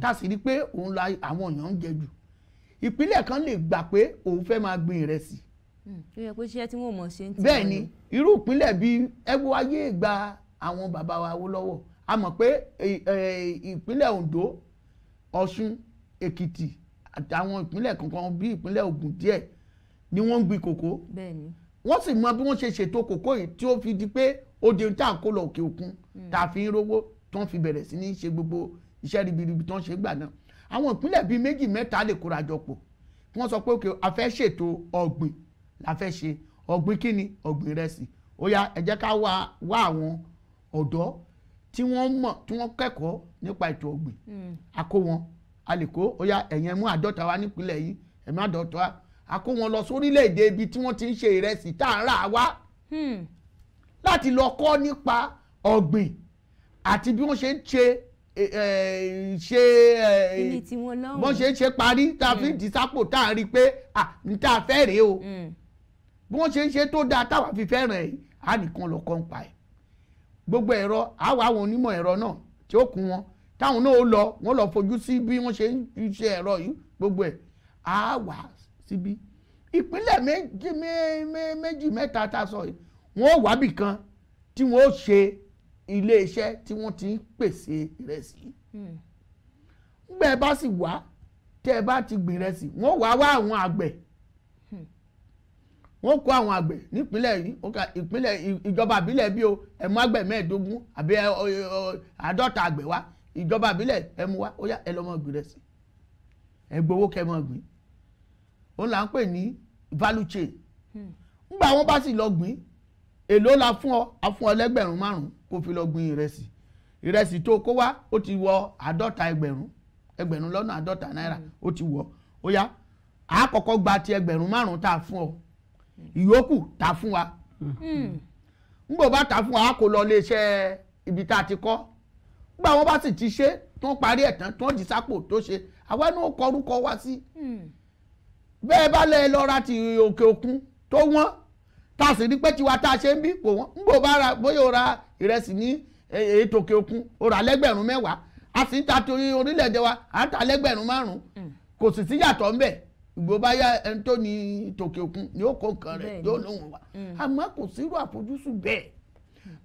tá a sì rí pé òun la àwọn èèyàn ń jẹ jù ìpínlẹ̀ kan lè gbà pé òun fẹ́ máa gbin ìrẹsì hmm, tó yẹ pé ṣé tí wọn mọ ṣe ń tẹ bẹ́ẹ̀ ni irú ìpínlẹ̀ bíi ẹgbẹ́ wáyé gba àwọn bàbá wa Awólọ́wọ̀ a mọ̀ pé ìpínlẹ̀ Ondo Ọ̀ṣun Èkìtì àtàwọn ìpínlẹ̀ kankan bíi ìpínlẹ̀ Ògùn díẹ̀ ni wọ́n ń gbin kòkó bẹ́ẹ̀ wọ́n sì mọ bí wọ́n ṣe ṣètò kòkó yìí tí ó fi di pé ó di tá à ń kó lọ òkè òkun hmm. tá a fi ń rówó tó ń fi bẹ̀rẹ̀ sí ní ṣe gbogbo iṣẹ́ ribiribi tó ń ṣe gbà náà àwọn ìpínlẹ̀ bíi méjì mẹ́ta lè kóra jọ pọ̀ kí wọ́n sọ pé òkè a fẹ́ ṣètò ọ̀gbìn la fẹ́ ṣe ọ̀gbìn kíni ọ̀gbìn ìrẹsì ó yá ẹ jẹ́ ká wá àwọn ọ̀dọ́ tí wọ́n mọ̀ tí wọ́n kẹ́kọ̀ọ́ nípa ètò ọ̀gbìn hmm. a kó wọn a lè kó ó yá ẹ̀yin mú àádọ́ta wá nípínlẹ̀ yìí ẹ̀mí àádọ́ta a kó wọn lọ sórílẹ̀ ibi tí wọ́n ti ń ṣe ìrẹsì tá à ń rà wá hmm. láti lọ kọ́ nípa ọ̀gbìn àti bí wọ́n ṣe ń ṣe ṣe wọ́n ṣe ń ṣe parí tá a fi ń disápò tá a rí i pé n tá a fẹ́ rèé o hmm. bí wọ́n ṣe ń ṣe tó dáa táwa fi fẹ́ràn ẹ̀ á nìkan lọ kọ́ ń pa ẹ̀ gbogbo ẹ̀rọ àwa àwọn onímọ̀ ẹ̀rọ náà tí ó kún wọn táwọn náà ó lọ wọ́n lọ fojú sí bí wọ́n ṣe ń ṣe ẹ̀rọ yìí gbogbo ẹ̀ á síbí ìpínlẹ̀ méjì mẹ́ta tá a sọ yìí wọ́n wábì kan tí wọ́n ṣe iléeṣẹ́ tí wọ́n ti ń pèsè ìrẹsì gbẹ hmm. bá sì wá tẹ ẹ bá ti gbìn ìrẹsì wọ́n wá wá àwọn àgbẹ̀ hmm. wọ́n kó àwọn àgbẹ̀ nípínlẹ̀ yìí ìpínlẹ̀ ìjọba àbílẹ̀ bí o ẹ mú àgbẹ̀ mẹ́ẹ̀ẹ́dógún àbí àádọ́ta àgbẹ̀ wá ìjọba àbílẹ̀ ẹ mú wá ó yá ẹ lọ́mọ gbìn ìrẹsì ẹ gbowó kẹ́ mọ́ gbìn òun là ń pè ní value chain hmm. ngbà wọn bá sì lọ gbìn èló la fún ọ a fún ọ lẹ́gbẹ̀rún márùn kó fi lọ gbìn ìrẹsì ìrẹsì tó kó wá ó ti wọ àádọ́ta ẹgbẹ̀rún ẹgbẹ̀rún lọ́nà àádọ́ta náírà hmm. ó ti wọ ó yá a kọ́kọ́ gba ti ẹgbẹ̀rún márùn tá a fún ọ ìyókù tá a fún wa hmm. ngbà bá ta fún wa a kò lọ iléeṣẹ́ ibi tá a ti kọ́ ngbà wọn bá sì ti ṣe tó ń parí ẹ̀ tán tó ń di sápò tó ṣe àwa náà kọ orúkọ wa sí. Mm bẹ́ẹ̀ bá lẹ́ lọ ra ti òkè òkun tó wọ́n tá a sì rí pé tiwa tá a ṣe ń bí kò wọ́n ń bò bá ra bóyá o ra ìrẹsì ní ètò òkè òkun o rà lẹ́gbẹ̀rún mẹ́wàá a sì ń ta torí orílẹ̀-èdè wa à ń ta lẹ́gbẹ̀rún márùn-ún mm. kò sì sí yàtọ̀ ń bẹ̀ ìgbò bá yá ẹni tó ní tòkè òkun ni ó kó nǹkan rẹ̀ yóò lóhùn wa mm. àmọ́ kò sírú àfojúsùn bẹ́ẹ̀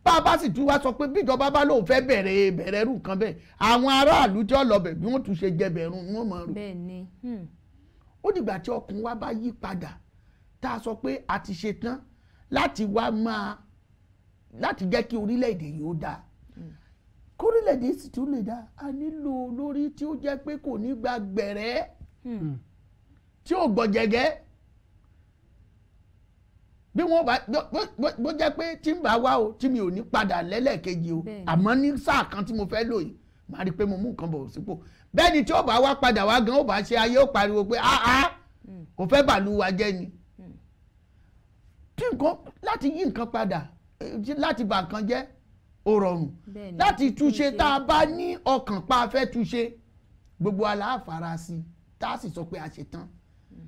bá a bá sì tún wá sọ pé bíjọba bá lóun fẹ́ bẹ̀rẹ̀ bẹ̀rẹ̀ rú nǹkan bẹ́ẹ̀ àwọn aráàlú tí ó lọ bẹ̀ bí wọ́n tún ṣe jẹ bẹ̀rún ni wọ́n máa rò ó dìgbà tí ọkàn wa bá yí padà tá a sọ pé a ti ṣe tán láti wá máa láti jẹ́ kí orílẹ̀-èdè yìí ó dáa mm. kórílẹ̀-èdè sì tún lè dáa a nílò olórí tí ó jẹ́ pé kò ní gba gbẹ̀rẹ́ hmm. Hmm. tí ò gbọ̀jẹ̀gẹ́ bí wọ́n bá bó jẹ́ pé tí ń bá wá o tí mi ò ní padà lẹ́lẹ́kejì o àmọ́ ní sáà kan tí mo fẹ́ lò yìí màá rí i pé mo mú nǹkan bọ̀ sípò bẹ́ẹ̀ni tí ó bá wá padà wá gan ó bá ṣe ayé ó pariwo pé áá ah, ah, hmm. kò fẹ́ bàlúwa jẹ́ ni hmm. tí nǹkan láti yí nǹkan padà eh, láti bà nǹkan jẹ́ ó rọrùn láti túnṣe tá a bá ní ọkàn pa afẹ́ túnṣe gbogbo aláfara sí i tá a sì sọ pé a ṣe tán hmm.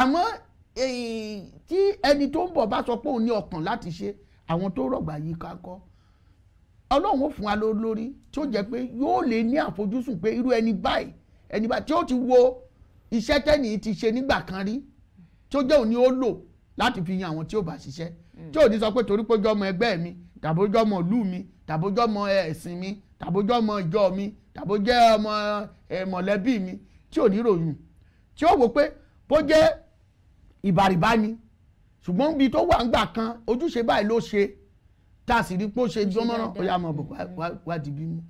àmọ́ eh, tí ẹni tó ń bọ̀ bá sọ pé òun ní ọkàn láti ṣe àwọn tó rọ̀gbà yìí ká ọlọ́run ó fún wa lórí tí ó jẹ́ pé yóò lè ní àfojúsùn pé irú ẹni báyìí ẹni báyìí tí ó ti wo iṣẹ́ tẹ́nìí ti ṣe nígbà kan rí tí ó jẹ́ òní ó lò láti fi yan àwọn tí ó bá ṣiṣẹ́ tí ò ní sọ pé torí pé ojú ọmọ ẹgbẹ́ mi tàbójú ọmọ ìlú mi tàbójú ọmọ ẹ̀sìn mi tàbójú ọmọ ìjọ mi tàbójú ọmọ mọ̀lẹ́bí mi tí ò ní ròyìn tí ó wò pé bó jẹ́ ìbàrìbá ni ṣùgbọ́n ibi tó wà ń gbà kan ojúṣe báyìí ló ṣe tá a sì rí pé ó ṣe jọmọ́rán ó yà mọ̀ bò mm. wá di bí mú.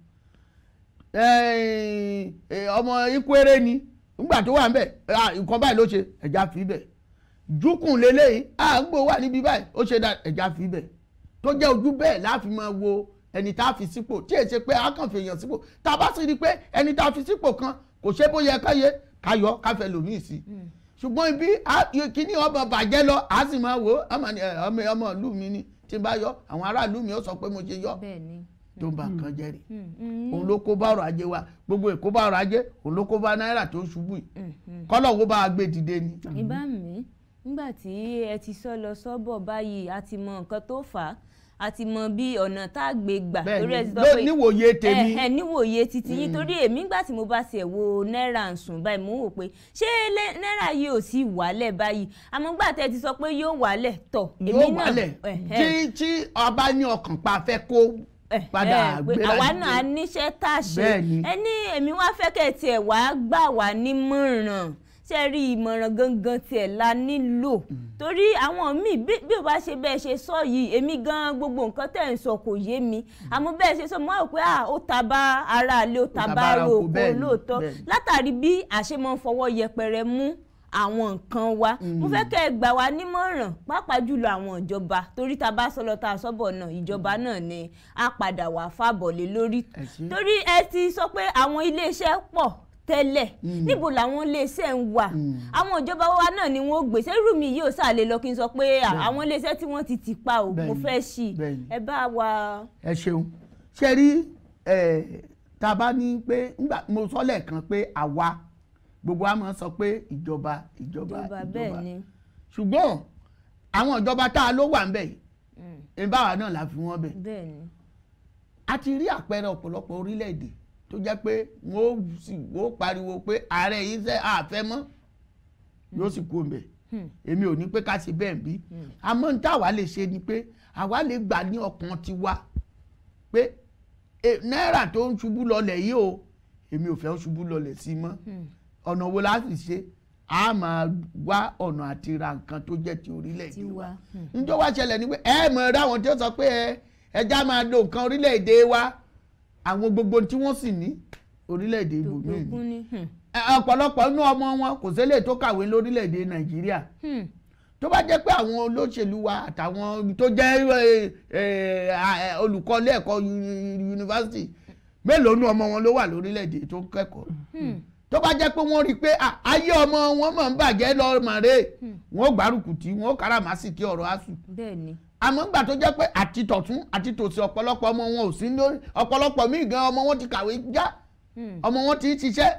ọmọ ikwere ni nígbà tó wà níbẹ̀ nǹkan báyìí ló ṣe ẹ̀já fi bẹ̀ jukun lélẹ́yìn àgbò wà níbi báyìí ó ṣe ẹ̀já fi bẹ̀ tó jẹ́ ojú bẹ́ẹ̀ la fi máa wo ẹni tá a fi sípò tí èsè pé a kàn fi èèyàn sípò tá a bá sì rí i pé ẹni tá a fi sípò kan kò ṣe bó yẹ káyé káyọ káfẹ́ lòmíì sí i mm. ṣùgbọ́n ibi kíní ọmọ bàjẹ́ lọ a sì máa wò ọmọ ìlú mi ni tí bá yọ àwọn aráàlú mi ó sọ pé mo ṣe yọ tó ń ba nǹkan jẹ́ rè òun ló kó bá ọrọ̀ ajé wa gbogbo èkó bá ọrọ̀ ajé òun ló kó bá náírà tó ṣubú yìí hmm, hmm. kọ́lọ̀ wo bá a gbé dìde ni. ìbá mi nígbà tí ẹ ti sọ lọ sọ́bọ̀ báyìí a ti mọ nǹkan tó fà á a ti mọ bí ọ̀nà tá a gbé gbà. bẹ́ẹ̀ni ló níwòye tèmi. ẹ níwòye titi yín mm. torí èmi gbà tí mo bá tiẹ̀ wo náírà ń sùn báyìí mo ń wò pé ṣé náírà yìí ò sí wàálẹ̀ báyìí àmọ́ gbà tẹ́ ti sọ pé yóò wàálẹ̀ tọ̀ èmi náà. yóò wàálẹ̀ tí tí ọba ní ọkàn pa fẹ́ kó padà gbéra àwa náà níṣẹ́ tá ṣe ẹni èmi wá fẹ́ kẹ́ tiẹ̀ wá gbà wá nímọ̀ràn ṣe rí ìmọ̀ràn gangan tiẹ̀ la nílò mm. torí àwọn míì bí o bá ṣe bẹ́ẹ̀ ṣe sọ yìí èmi gan gbogbo nǹkan tẹ̀ ń sọ kò yé mi mm. àmọ́ bẹ́ẹ̀ ṣe sọ mo rò pé ó ta bá ara ilé ó ta bá ro òkú lóòótọ́ látàrí bí àṣemọ́ fọwọ́ yẹpẹrẹ mú àwọn nǹkan wa mm. mo fẹ́ kẹ́ ẹ gbà wá nímọ̀ràn pàápàá jùlọ àwọn ìjọba torí ta bá sọ lọ ta sọ́bọ̀ náà ìjọba náà ni a padà wà fàbọ̀lé lórí torí ẹ ti sọ pé àwọn iléeṣẹ́ pọ̀ tẹ́lẹ̀ mm. níbo làwọn iléeṣẹ́ ń wà mm. àwọn ìjọba wa náà ni wọ́n gbé sẹ́rù mi yìí ò sàlẹ̀ lọ kí n sọ pé àwọn iléeṣẹ́ tí wọ́n ti tì pa ò mo fẹ́ ṣì ẹ bá wa. ẹ ṣeun ṣe rí tá a bá ní pé mo sọ lẹ́ẹ̀kan pé àwa gbogbo a máa sọ pé ìjọba ìjọba ìjọba ṣùgbọ́n àwọn ìjọba tá a ló wà ń bẹ̀ yìí ìbáwa mm. náà la fi wọ́n bẹ̀ a ti rí àpẹẹrẹ ọ̀pọ̀lọpọ̀ orílẹ̀-èdè tó jẹ́ pé wọ́n sì wọ́n pariwo pé ààrẹ yìí sẹ́ àfẹ́ mọ́ yóò sì kú omi hmm. èmi ò ní pé ká ṣe bẹ́ẹ̀ bí hmm. àmọ́ ní táwa lè ṣe ni pé àwa lè gbà ní ọkàn tiwa pé náírà tó ń ṣubú lọlẹ̀ yìí o èmi ò fẹ́ ń ṣubú lọlẹ̀ sí mọ́ hmm. ọ̀nà wo la sì ṣe a máa wá ọ̀nà àti ra nǹkan tó jẹ́ ti orílẹ̀-èdè wa njọ́ wá ṣẹlẹ̀ ni pé ẹ mọ̀ ẹ́ ráwọn tí ó sọ pé ẹ ẹja máa lo nǹkan orílẹ̀-èdè wa àwọn gbogbo tí wọ́n sì ní orílẹ̀-èdè ibòmíì hmm. ọ̀pọ̀lọpọ̀ inú ọmọ wọn kò ṣẹlẹ̀ tó kàwé lórílẹ̀-èdè nàìjíríà hmm. tó bá jẹ́ pé àwọn olóṣèlú wa àtàwọn tó jẹ́ olùkọ́ ilé ẹ̀kọ́ yunifásitì mélòó nu ọmọ wọn ló wà lórílẹ̀‐èdè tó ń kẹ́kọ̀ọ́ hmm. tó bá jẹ́ pé wọ́n rí i pé ayé ọmọ wọn máa ń bàjẹ́ lọ màrè wọn ò gbárùkù tí wọn ò káràmásì kí ọ̀rọ̀ á sùn àmọ́ gbà tó jẹ́ pé àti tọ̀tún àti tòsí ọ̀pọ̀lọpọ̀ ọmọ wọn ò sí lórí ọ̀pọ̀lọpọ̀ míì gan ọmọ wọn ti kàwé já hmm. ọmọ wọn ti ń ṣiṣẹ́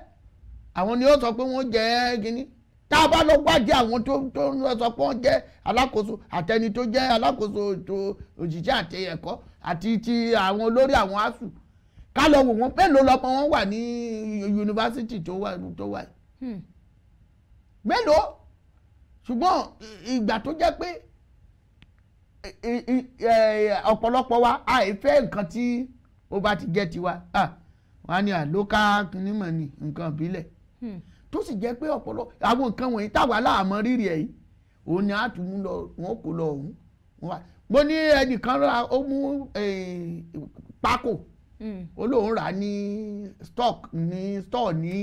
àwọn ni ó sọ pé wọ́n jẹ́ gíní tá a bá lọ wájú àwọn tó tó ń sọ pé wọ́n jẹ́ alákòóso àtẹni tó jẹ́ alákòóso ètò òṣìṣẹ́ àti ẹ̀kọ́ àti ti àwọn olórí àwọn asù ká lọ wò wọ́n mélòó lọ́mọ wọn wà ní yunifásitì tó wà tó wà hmm. mélòó ṣùgbọ́n ìgbà tó jẹ́ pé ọ̀pọ̀lọpọ̀ wa àìfẹ́ nǹkan tí ó bá ti jẹ́ tiwa wọn á ní àlóká kìnnìmọ̀ ni nǹkan ìbílẹ̀ hmm. tó sì jẹ́ pé ọ̀pọ̀lọpọ̀ àwọn nǹkan wọ̀nyí táwa láàmọ́ rírì ẹ̀ yìí òun ni àtúmú lọ wọn kò lọ òun mo ní ẹnìkan ra ó mú pákó hmm. olóhùn rà ní stock ní store ní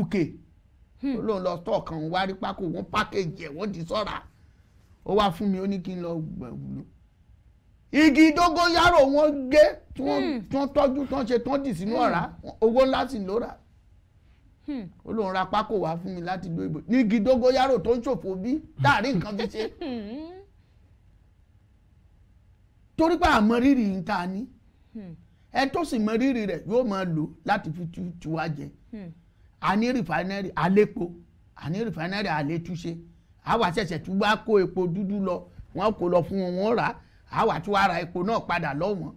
UK olóhùn hmm. lọ store kan wárí pákó wọn package ẹ̀ wọ́n ti sọ́ra. So ó wá fún mi ó ní kí n lọ gbẹ̀wúlò igi dógóyárò wọ́n gé hmm. tí wọ́n tọ́jú tí wọ́n ṣe tán dì sínú ọ̀rá hmm. owó ńlá sì ló rà hmm. ó lóun ra pákó wá fún mi láti dó ibò ní igi dógóyárò tó ń ṣòfò bí dáàrí nǹkan fi ṣe torí pé àmọ rírì ń ta ni ẹ tó sì mọ rírì rẹ̀ yóò máa lò láti fi tu wa jẹ a ní rìfánẹ́rì àlépo a ní rìfánẹ́rì àlétúnṣe. Hmm àwa ṣẹ̀ṣẹ̀ tún bá kó epo dúdú lọ wọ́n kó lọ fún wọn wọ́n rà àwa tún wá ra epo náà padà lọ́wọ́n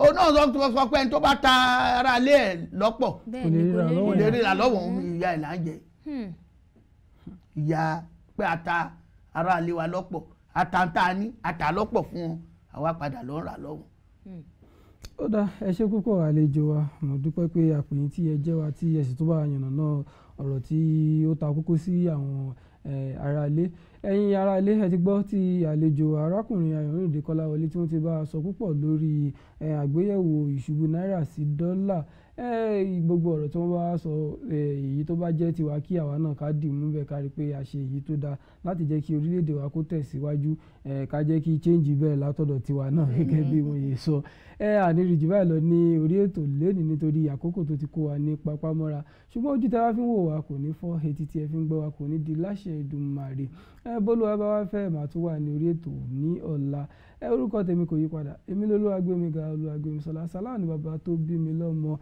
òun náà sọ fún ọ pé ẹni tó bá ta ara lé ẹ lọ́pọ̀ kò lè ríra lọ́wọ́ ìyá ẹ̀ là ń jẹ hmm. ìyá pé ata ara lé wa lọ́pọ̀ àtàntà ni àtàlọ́pọ̀ fún wọn àwa padà lọ́ọ́ rà lọ́wọ́ hmm. ó dá ẹ ṣe púpọ̀ àlejò wa mo dúpẹ́ pé àpèyìn ẹ jẹ́ wa tí ẹ sì tún bá yànnà náà ọ̀rọ̀ tí ó ta kókó sí àwọn Eh, aráalé ẹ̀yin aráalé ẹ ti gbọ́ ti àlejò arákùnrin Ayọ̀rìndé Kọ́láwọlé tí wọ́n ti bá a sọ púpọ̀ lórí eh, àgbéyẹ̀wò ìṣubú náírà sí dọ́là Eh, gbogbo ọ̀rọ̀ tí wọ́n bá sọ eh, èyí tó bá jẹ́ tiwa kí àwa náà ká dì mú bẹ́ẹ̀ ká rí pé a ṣe èyí tó dáa láti jẹ́ kí orílẹ̀-èdè wa kó tẹ̀síwájú eh, ká jẹ́ kí change bẹ́ẹ̀ látọ̀dọ̀ tiwa náà mm-hmm. gẹ́gẹ́ bí wọ́n yẹ sọ. àníríjì báyìí lọ ní orí ètò lẹ́nìí nítorí àkókò tó ti kó wa ní papámọ́ra ṣùgbọ́n ojú tá a fi ń wò wá kò ní fọ́ etí tí ẹ fi ń gbọ́ wa kò ní di láṣẹ Èdùmàrè bólúwa bá wá fẹ́ màá tún wà ní orí ètò ní ọ̀la orúkọ tèmi kò yí padà èmi lolúwa gbémi ga olúwa gbémi sọlá sálà ní bàbá tó bí mi lọ́mọ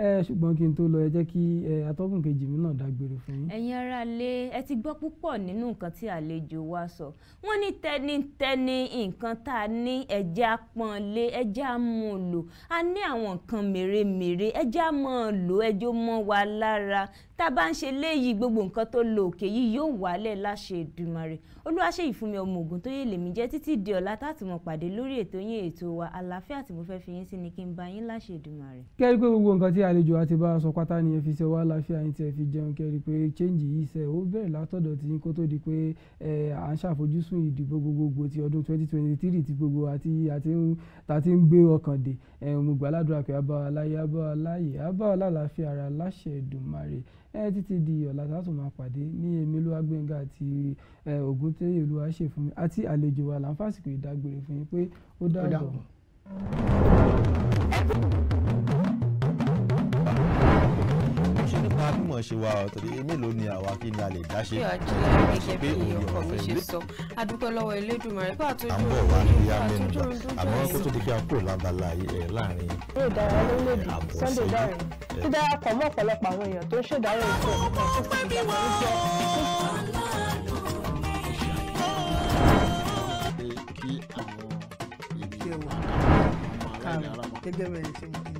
ẹ ṣùgbọ́n kí n tó lọ ẹ jẹ́ kí atọ́kùn kejì mi náà dágbére fún yín. ẹ̀yin ará lé ẹ ti gbọ́ púpọ̀ nínú nǹkan tí àlejò wa sọ wọ́n ní tẹnitẹni nǹkan tá a ní ẹ̀jẹ̀ apọ̀nlé ẹ̀jẹ̀ amúlò a ní àwọn nǹkan mèremère ẹ̀jẹ̀ amọ̀ọ́lò ẹjọ́ mọ́ wa lára tá a bá ń ṣe léyìí gbogbo nǹkan tó lọ òkè yìí yóò wálẹ̀ láṣẹ Èdùmàrè Olúwaṣeyìí fún mi ọmọ ògùn tó yé lèmi jẹ́ títí di ọ̀la táàtì mọ̀ pàdé lórí ètò yín ètò wa àlàáfíà tí mo fẹ́ fi yín sí ni kí n bá yín láṣẹ Èdùmàrè. kẹ́rí pé gbogbo nǹkan tí àlejò àti bá a sọ pátá ni ẹ fi ṣe wá àlàáfíà yín tí ẹ fi jẹun kẹ́rí pé change yìí ṣe ó bẹ̀rẹ̀ látọ̀dọ̀ tí kó tó di pé à ń ṣàfojúsùn ìdìbò gbogbogbò ti ọdún twenty twenty three ti gbogbo àti àti ń gbé ọkàn dè mo gbàládùra pé abáwa láyé abáwa láyè abáwa lálàáfíà ara láṣẹ Èdùmàrè ẹ títí di ọ̀la tá a tún máa pàdé ní èmi Olúwagbénga àti Ògúntóyè Olúwaṣèfúnmi àti àlejò wa là ń fàsìkò ìdágbére fún yín pé ó dàbọ̀. máa bímọ ṣe wa ọtọdẹ mélòó ni àwa kí ni a lè dá ṣe. bí àjẹlẹ gẹ́gẹ́ bí ọkọ mi ṣe sọ adúpẹ́ lọ́wọ́ Elédùmarè pé àtúntò àmọ́ wà ní ìyá mẹ́nu àmọ́ kó tó di pé a kúrò lábala láàrin. eré ìdárayá lórílẹ̀‐èdè Sunday dáre tó darapọ̀ mọ́ ọ̀pọ̀lọpọ̀ àwọn èèyàn tó ń ṣèdárò ìfọ̀ ọ̀pọ̀ tó ti dàgbà ní jẹ́ gẹ́gẹ́ bẹ́ẹ̀ ni ṣe mọ̀